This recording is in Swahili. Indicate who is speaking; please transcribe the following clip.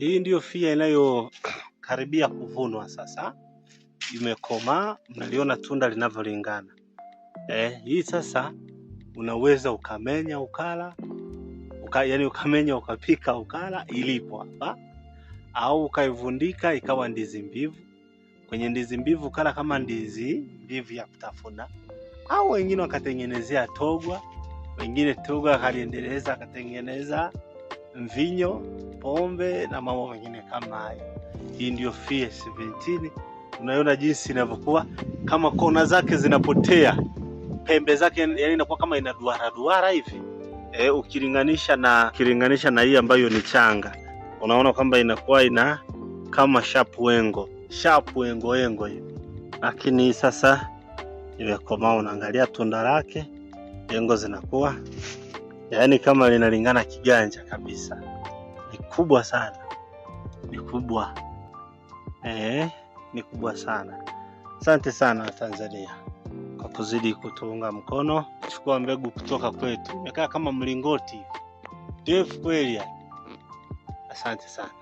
Speaker 1: Hii ndiyo fia inayokaribia kuvunwa sasa, imekomaa, mnaliona tunda linavyolingana. Eh, hii sasa unaweza ukamenya ukala uka, yani ukamenya ukapika ukala, ilipo hapa, au ukaivundika ikawa ndizi mbivu. Kwenye ndizi mbivu ukala kama ndizi mbivu ya kutafuna, au wengine wakatengenezea togwa, wengine togwa akaliendeleza akatengeneza mvinyo, pombe na mambo mengine kama hayo. Hii ndio Fiat 17. Unaona jinsi inavyokuwa kama kona zake zinapotea, pembe zake yani inakuwa kama ina duara duara hivi e, ukilinganisha na ukilinganisha na hii ambayo ni changa, unaona kwamba inakuwa ina kama sharp wengo sharp wengo wengo hivi, lakini sasa imekomaa, unaangalia tunda lake, wengo zinakuwa yaani kama linalingana kiganja kabisa, ni kubwa sana, ni kubwa eh, ni kubwa sana. Asante sana Tanzania kwa kuzidi kutuunga mkono. Chukua mbegu kutoka kwetu, imekaa kama mlingoti ndefu kweli. Asante sana.